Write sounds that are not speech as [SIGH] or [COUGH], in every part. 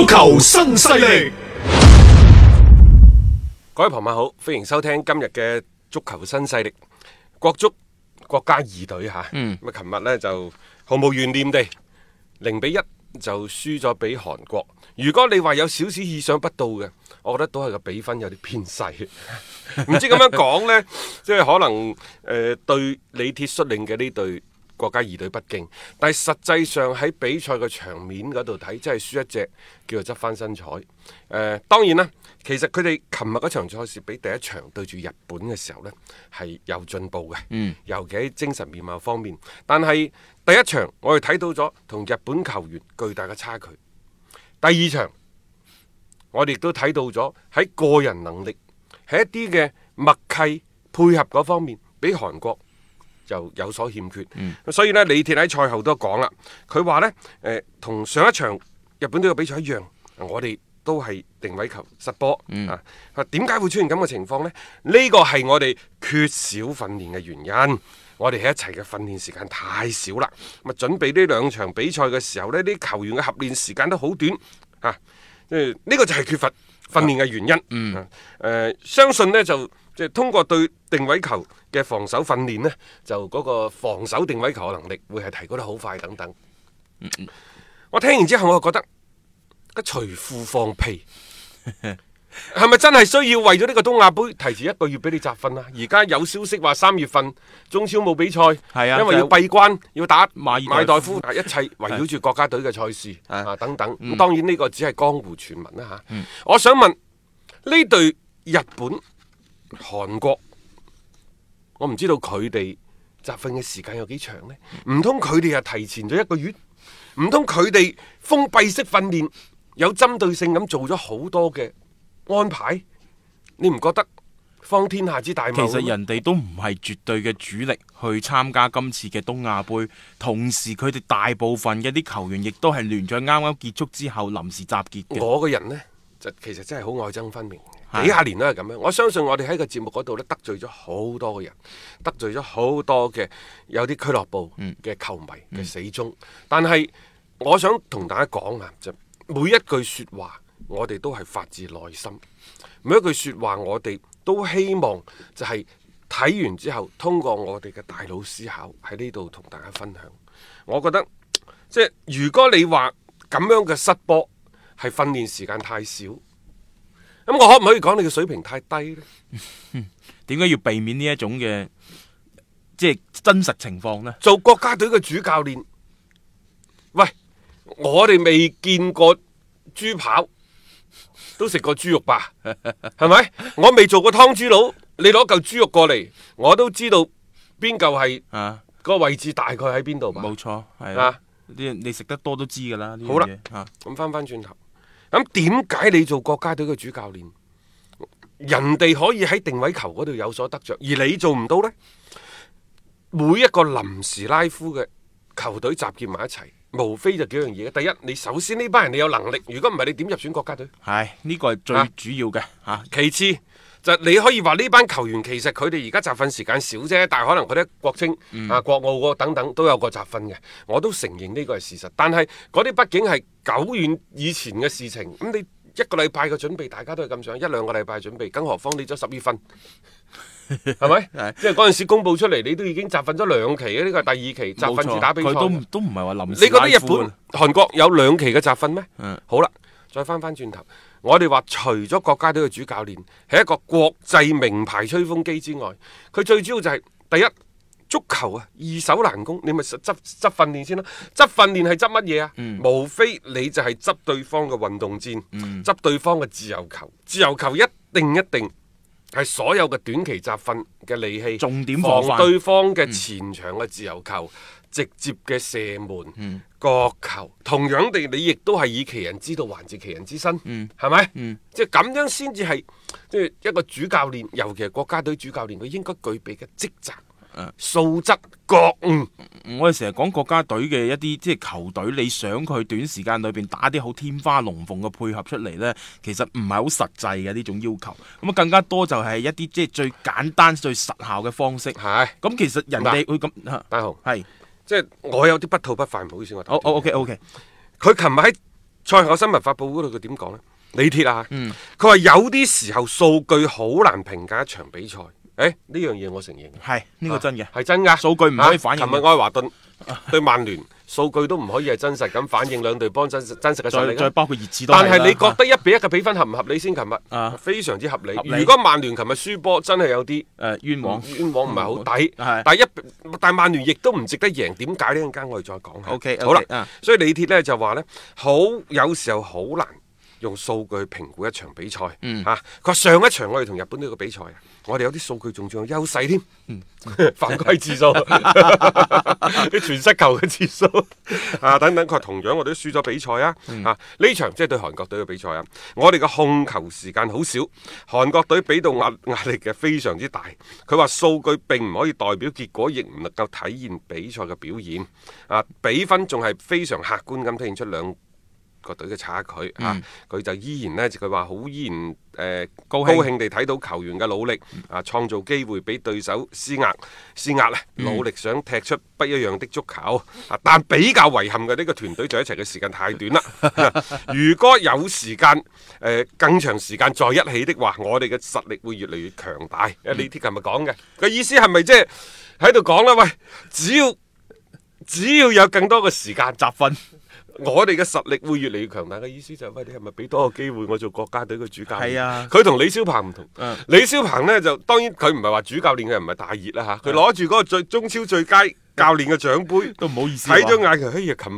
足球新勢力，各位朋友好，歡迎收聽今日嘅足球新勢力，國足國家二隊吓，咁啊，琴日呢就毫無懸念地零比一就輸咗俾韓國。如果你話有少少意想不到嘅，我覺得都係個比分有啲偏細，唔知咁樣講呢，即係可能誒，對李鐵率領嘅呢隊。國家二隊不敬，但係實際上喺比賽嘅場面嗰度睇，真係輸一隻叫做執翻身彩。誒、呃，當然啦，其實佢哋琴日嗰場賽事比第一場對住日本嘅時候呢，係有進步嘅，嗯、尤其喺精神面貌方面。但係第一場我哋睇到咗同日本球員巨大嘅差距，第二場我哋都睇到咗喺個人能力、喺一啲嘅默契配合嗰方面比韓國。就有所欠缺，嗯、所以呢，李鐵喺賽後都講啦，佢話呢，誒、呃，同上一場日本隊嘅比賽一樣，我哋都係定位球失波。嗯、啊，點解會出現咁嘅情況呢？呢個係我哋缺少訓練嘅原因，我哋喺一齊嘅訓練時間太少啦，咁準備呢兩場比賽嘅時候呢，啲球員嘅合練時間都好短啊，呢、呃呢個就係缺乏訓練嘅原因，誒、啊嗯啊呃，相信呢就。即係通過對定位球嘅防守訓練呢，就嗰個防守定位球嘅能力會係提高得好快，等等。我聽完之後，我就覺得個除褲放屁，係咪真係需要為咗呢個東亞盃提前一個月俾你集訓啊？而家有消息話三月份中超冇比賽，因為要閉關要打馬爾代夫，一切圍繞住國家隊嘅賽事啊，等等。咁當然呢個只係江湖傳聞啦。吓，我想問呢隊日本。韓國，我唔知道佢哋集訓嘅時間有幾長呢？唔通佢哋係提前咗一個月？唔通佢哋封閉式訓練，有針對性咁做咗好多嘅安排？你唔覺得？方天下之大，其實人哋都唔係絕對嘅主力去參加今次嘅東亞杯，同時佢哋大部分嘅啲球員亦都係聯賽啱啱結束之後臨時集結嘅。我嘅人呢？就其實真係好愛憎分明，的幾廿年都係咁樣。我相信我哋喺個節目嗰度咧得罪咗好多嘅人，得罪咗好多嘅有啲俱樂部嘅球迷嘅、嗯、死忠。嗯、但係我想同大家講啊，就每一句説話我哋都係發自內心，每一句説話我哋都希望就係睇完之後，通過我哋嘅大腦思考喺呢度同大家分享。我覺得即係、就係、如果你話咁樣嘅失波，係訓練時間太少。咁我可唔可以講你嘅水平太低呢？點解要避免呢一種嘅即係真實情況呢？做國家隊嘅主教練，喂，我哋未見過豬跑，都食過豬肉吧？係咪？ [LAUGHS] 我未做過劏豬佬，你攞嚿豬肉過嚟，我都知道邊嚿係啊？個位置大概喺邊度吧？冇錯，係啊！你食得多都知噶啦。好啦吧，咁返返轉頭。咁點解你做國家隊嘅主教練，人哋可以喺定位球嗰度有所得着，而你做唔到呢？每一個臨時拉夫嘅球隊集結埋一齊，無非就幾樣嘢。第一，你首先呢班人你有能力，如果唔係你點入選國家隊？係呢、這個係最主要嘅。吓、啊，啊、其次。就你可以話呢班球員其實佢哋而家集訓時間少啫，但係可能佢啲國青、嗯、啊國奧等等都有個集訓嘅，我都承認呢個係事實。但係嗰啲畢竟係久遠以前嘅事情，咁你一個禮拜嘅準備，大家都係咁想一兩個禮拜準備，更何況你咗十二分，係咪 [LAUGHS] 吧？即係嗰陣時公布出嚟，你都已經集訓咗兩期，呢個係第二期集訓，打比賽都唔係話臨時。你覺得日本、韓、啊、國有兩期嘅集訓咩？嗯、好啦，再翻翻轉頭。我哋話除咗國家隊嘅主教練係一個國際名牌吹風機之外，佢最主要就係、是、第一足球啊，易守難攻，你咪執執訓練先咯。執訓練係執乜嘢啊？嗯，無非你就係執對方嘅運動戰，嗯、執對方嘅自由球，自由球一定一定係所有嘅短期集訓嘅利器，重點防範防對方嘅前場嘅自由球。嗯嗯直接嘅射門、角、嗯、球，同樣地你亦都係以其人之道還治其人之身，係咪、嗯？即係咁樣先至係即係一個主教練，尤其係國家隊主教練，佢應該具備嘅職責、啊、素質、覺悟。我哋成日講國家隊嘅一啲即係球隊，你想佢短時間裏邊打啲好天花龍鳳嘅配合出嚟呢，其實唔係好實際嘅呢種要求。咁啊更加多就係一啲即係最簡單、最實效嘅方式。咁是其實人哋會咁，大雄係。雷即係我有啲不吐不快，唔好意思，我好、oh, OK OK，佢琴日喺賽後新聞發布會嗰度佢點講咧？李鐵啊，佢話、嗯、有啲時候數據好難評價一場比賽。誒呢樣嘢我承認係呢、呢個真嘅係、啊、真㗎，數據唔可以反映。琴日愛華頓對曼聯。 [LAUGHS] 數據都唔可以係真實咁反映兩隊幫真實真實嘅實力再。再包括但係你覺得一比一嘅比分合唔合理先？琴日、啊、非常之合理。合理如果曼聯琴日輸波，真係有啲誒冤枉，冤枉唔係好抵。係、嗯，但一但曼聯亦都唔值得贏，點解呢？陣間我哋再講下。O K，好啦，所以李鐵咧就話咧，好有時候好難。用數據評估一場比賽，嚇佢、嗯啊、上一場我哋同日本呢個比賽啊，我哋有啲數據仲仲有優勢添，犯規、嗯、 [LAUGHS] 次數、啲 [LAUGHS] [LAUGHS] 全失球嘅次數啊等等，佢同樣我哋都輸咗比賽啊。嚇呢、嗯、場即係、就是、對韓國隊嘅比賽啊，我哋嘅控球時間好少，韓國隊俾到壓壓力嘅非常之大。佢話數據並唔可以代表結果，亦唔能夠體現比賽嘅表現。啊，比分仲係非常客觀咁體現出兩個隊嘅差距，嗯、啊，佢就依然呢，佢話好依然誒，高，呃、高興地睇到球員嘅努力，嗯、啊，創造機會，俾對手施壓施壓啊，努力想踢出不一樣的足球啊，但比較遺憾嘅呢，這個團隊在一齊嘅時間太短啦。 [LAUGHS] 如果有時間誒，呃，更長時間在一起的話，我哋嘅實力會越嚟越強大。阿李鐵今日講嘅個意思係咪即係喺度講啦？喂，只要只要有更多嘅時間集訓。 [LAUGHS] 我哋嘅實力會越嚟越強大嘅意思就係，喂，你係咪俾多個機會我做國家隊嘅主教練？係啊，佢同李霄鵬唔同。嗯、李霄鵬呢，就，當然佢唔係話主教練嘅唔係大熱啦吓，佢攞住嗰個最中超最佳教練嘅獎杯，都唔好意思。睇咗艾球， [LAUGHS] 哎呀，琴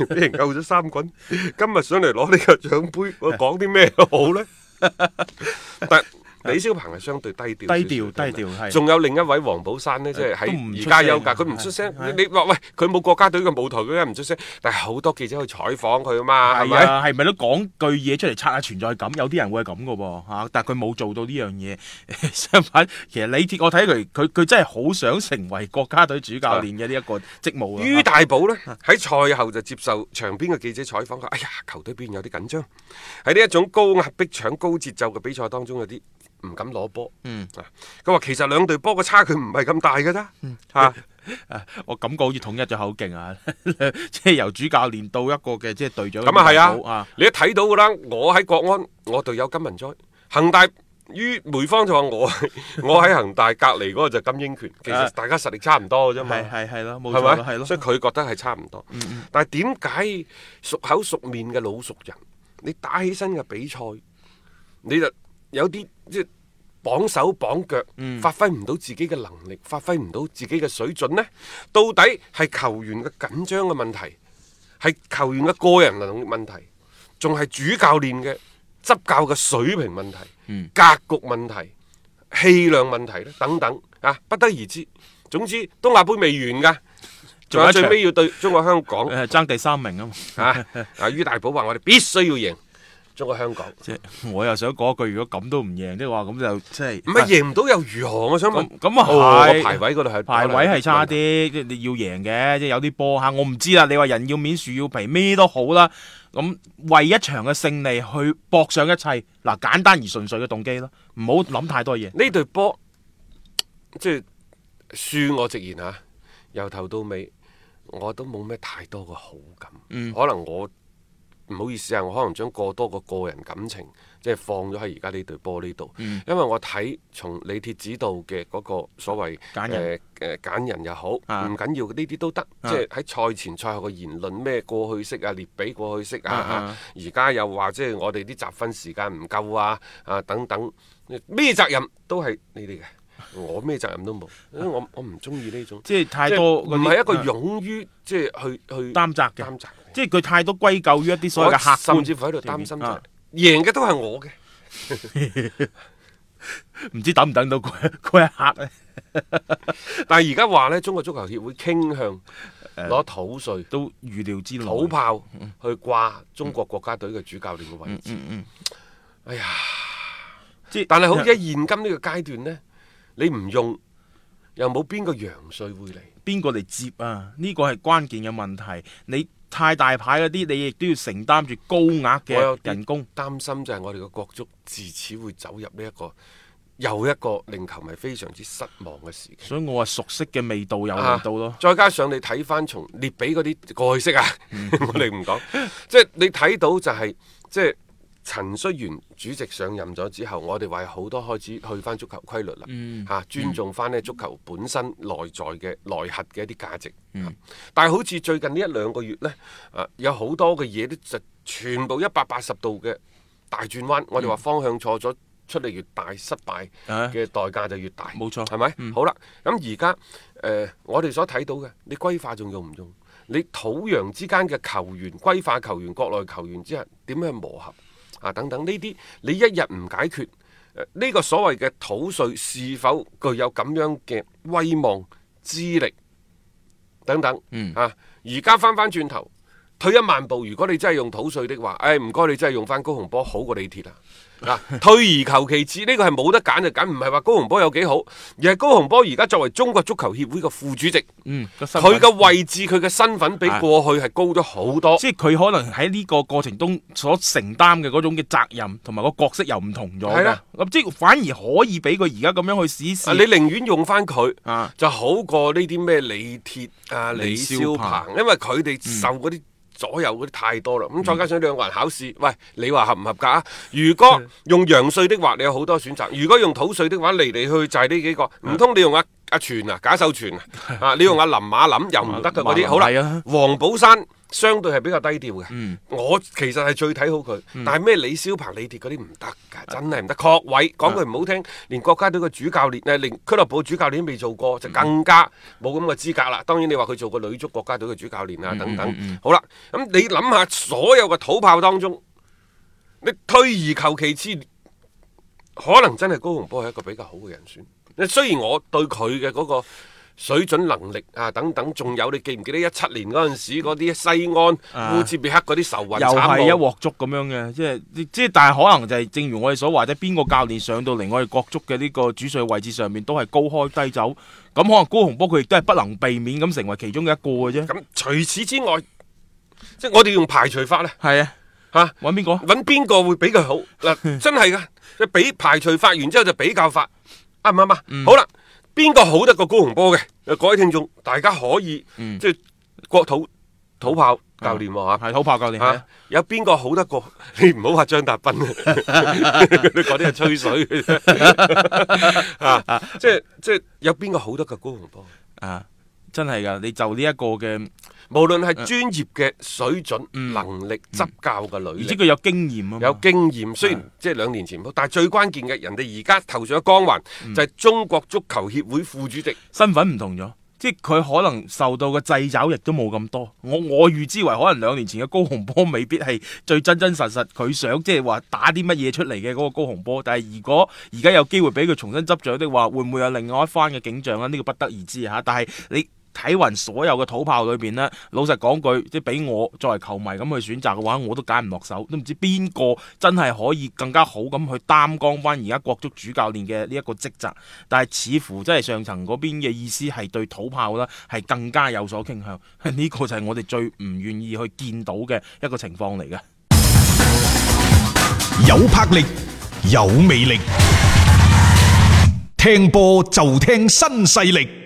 日俾人救咗三棍，今日上嚟攞呢個獎杯，我講啲咩好呢？嗯、 [LAUGHS] 但李霄鵬係相對低調，低調低調係。仲有另一位王寶山咧，即係喺而家休假，佢唔出聲。你話喂，佢冇國家隊嘅舞台，佢而家唔出聲。但係好多記者去採訪佢啊嘛，係咪啊？係咪都講句嘢出嚟，刷下存在感。有啲人會係咁嘅喎嚇，但係佢冇做到呢樣嘢。相反，其實李鐵我睇佢，佢佢真係好想成為國家隊主教練嘅呢一個職務。于大寶咧，喺賽後就接受場邊嘅記者採訪，佢，哎呀，球隊變有啲緊張。喺呢一種高壓逼搶、高節奏嘅比賽當中，有啲。唔敢攞波。嗯。佢話其實兩隊波嘅差距唔係咁大嘅咋。嗯。吓。我感覺好似統一咗口徑啊，即係由主教練到一個嘅即係隊長。咁啊係啊。啊。你一睇到噶啦，我喺國安，我隊友金玟哉；恆大于梅方就話我，我喺恆大隔籬嗰個就金英權。其實大家實力差唔多嘅啫嘛。係係係咯，冇錯。係咪？係咯。所以佢覺得係差唔多。嗯嗯。但係點解熟口熟面嘅老熟人，你打起身嘅比賽，你就有啲即係。綁手綁腳，發揮唔到自己嘅能力，發揮唔到自己嘅水準呢？到底係球員嘅緊張嘅問題，係球員嘅個人能力問題，仲係主教練嘅執教嘅水平問題、嗯、格局問題、氣量問題咧，等等啊，不得而知。總之，東亞杯未完噶，仲有最尾要對中國香港爭第三名啊嘛。于大寶話我哋必須要贏。中國香港，即係 [LAUGHS] 我又想講一句，如果咁都唔贏，即係話咁就即係唔係贏唔到又如何？我想問，咁啊、哦、排位嗰度係排位係差啲，即係你要贏嘅，即係有啲波嚇，我唔知啦。你話人要面，樹要皮，咩都好啦。咁為一場嘅勝利去搏上一切，嗱，簡單而純粹嘅動機咯，唔好諗太多嘢。呢、嗯、對波即係輸，我直言嚇，由頭到尾我都冇咩太多嘅好感，嗯、可能我。唔好意思啊，我可能將過多個個人感情即係放咗喺而家呢對玻璃度，嗯、因為我睇從李鐵指導嘅嗰個所謂誒誒揀人又、呃、好，唔緊要呢啲都得，啊、即係喺賽前賽後嘅言論咩過去式啊，列比過去式啊，而家、啊、又話即係我哋啲集訓時間唔夠啊啊等等，咩責任都係呢啲嘅。 [NOISE] 我咩責任都冇，我我唔中意呢種，即係太多唔係一個勇於、啊、即係去去擔責嘅，擔責即係佢太多歸咎於一啲所謂嘅客觀，客甚至乎喺度擔心、就是，贏嘅、啊、都係我嘅，唔 [LAUGHS] [LAUGHS] 知等唔等到佢。一刻咧？ [LAUGHS] [LAUGHS] 但係而家話咧，中國足球協會傾向攞土稅都預料之內，土炮去掛中國國家隊嘅主教練嘅位置。嗯嗯嗯嗯嗯、哎呀，即、嗯、但係好似喺現今個階呢個階段咧。你唔用又冇邊個羊稅會嚟，邊個嚟接啊？呢個係關鍵嘅問題。你太大牌嗰啲，你亦都要承擔住高額嘅人工。擔心就係我哋嘅國足自此會走入呢一個又一個令球迷非常之失望嘅時期。所以我話熟悉嘅味道有味道咯。 [LAUGHS] 再加上 [LAUGHS] [LAUGHS] 你睇翻從列比嗰啲過去式啊，我哋唔講，即係你睇到就係即係。Thousands. 陳戌源主席上任咗之後，我哋話有好多開始去翻足球規律啦嚇、嗯啊，尊重翻咧足球本身內在嘅內核嘅一啲價值。嗯啊、但係好似最近呢一兩個月呢，誒、啊、有好多嘅嘢都就全部一百八十度嘅大轉彎。嗯、我哋話方向錯咗，出嚟越大失敗嘅代價就越大，冇錯係咪？吧嗯、好啦，咁而家誒我哋所睇到嘅，你歸化仲用唔用？你土洋之間嘅球員歸化，球員國內球員之點樣磨合？啊！等等呢啲，你一日唔解決，誒、呃、呢、呢個所謂嘅土稅是否具有咁樣嘅威望、資歷等等？嗯，啊，而家翻翻轉頭。退一萬步，如果你真係用土稅的話，誒、哎，唔該，你真係用翻高洪波，好過李鐵啊！嗱、啊，退而求其次，呢、這個係冇得揀就揀，唔係話高洪波有幾好，而係高洪波而家作為中國足球協會嘅副主席，佢嘅、嗯、位置，佢嘅身份比過去係高咗好多，嗯、即係佢可能喺呢個過程中所承擔嘅嗰種嘅責任同埋個角色又唔同咗。係啦的，咁即反而可以俾佢而家咁樣去試試、啊。你寧願用翻佢，啊、就好過呢啲咩李鐵啊、李霄鵬，因為佢哋受嗰啲、嗯。左右嗰啲太多啦，咁再加上兩個人考試，喂，你話合唔合格啊？如果用洋帥的話，你有好多選擇；如果用土帥的話，嚟嚟去就係、是、呢幾個，唔通你用阿阿全啊，賈秀全啊， [LAUGHS] 啊，你用阿林馬林又唔得嘅嗰啲，好啦，王、啊、寶山。相對係比較低調嘅。嗯、我其實係最睇好佢，嗯、但係咩李霄鵬、李鐵嗰啲唔得噶，真係唔得。確位講句唔好聽，連國家隊嘅主教練誒、呃，連俱樂部主教練都未做過，就更加冇咁嘅資格啦。當然你話佢做過女足國家隊嘅主教練啊、嗯、等等，嗯嗯嗯、好啦，咁你諗下所有嘅土炮當中，你退而求其次，可能真係高洪波係一個比較好嘅人選。你雖然我對佢嘅嗰個。水準能力啊，等等，仲有你記唔記得一七年嗰陣時嗰啲西安烏茲別克嗰啲愁雲慘霧，又係一鍋粥咁樣嘅，即係即係，但係可能就係正如我哋所話，即係邊個教練上到嚟我哋國足嘅呢個主帥位置上面，都係高開低走，咁可能高洪波佢亦都係不能避免咁成為其中嘅一個嘅啫。咁除此之外，即係我哋用排除法咧，係啊吓，揾邊個？揾邊個會比較好？嗱，真係噶，你比排除法完之後就比較法啱唔啱啊？好啦。邊個好得過高洪波嘅？各位聽眾，大家可以、嗯、即係國土土炮教練喎嚇，係、嗯、土炮教練嚇。有邊個好得過？你唔好話張達斌，你嗰啲係吹水啊！即係即係有邊個好得過高洪波啊？真係噶，你就呢一個嘅。無論係專業嘅水準、嗯、能力、執、嗯、教嘅履歷，而且佢有經驗啊，有經驗。雖然即係兩年前、嗯、但係最關鍵嘅，人哋而家頭上嘅光環，嗯、就係中國足球協會副主席身份唔同咗。即係佢可能受到嘅掣肘亦都冇咁多。我我預知為可能兩年前嘅高洪波未必係最真真實實佢想即係話打啲乜嘢出嚟嘅嗰個高洪波。但係如果而家有機會俾佢重新執掌的話，會唔會有另外一番嘅景象咧？呢、這個不得而知吓。但係你。睇勻所有嘅土炮裏邊呢，老實講句，即係俾我作為球迷咁去選擇嘅話，我都揀唔落手，都唔知邊個真係可以更加好咁去擔綱翻而家國足主教練嘅呢一個職責。但係似乎真係上層嗰邊嘅意思係對土炮呢係更加有所傾向，呢個就係我哋最唔願意去見到嘅一個情況嚟嘅。有魄力，有魅力，聽波就聽新勢力。